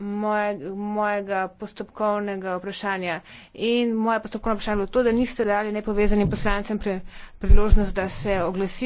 moje, mojega postopkovnega vprašanja. In moje postopkovno vprašanje je bilo to, da niste dali nepovezanim poslancem pri, priložnost, da se oglasijo.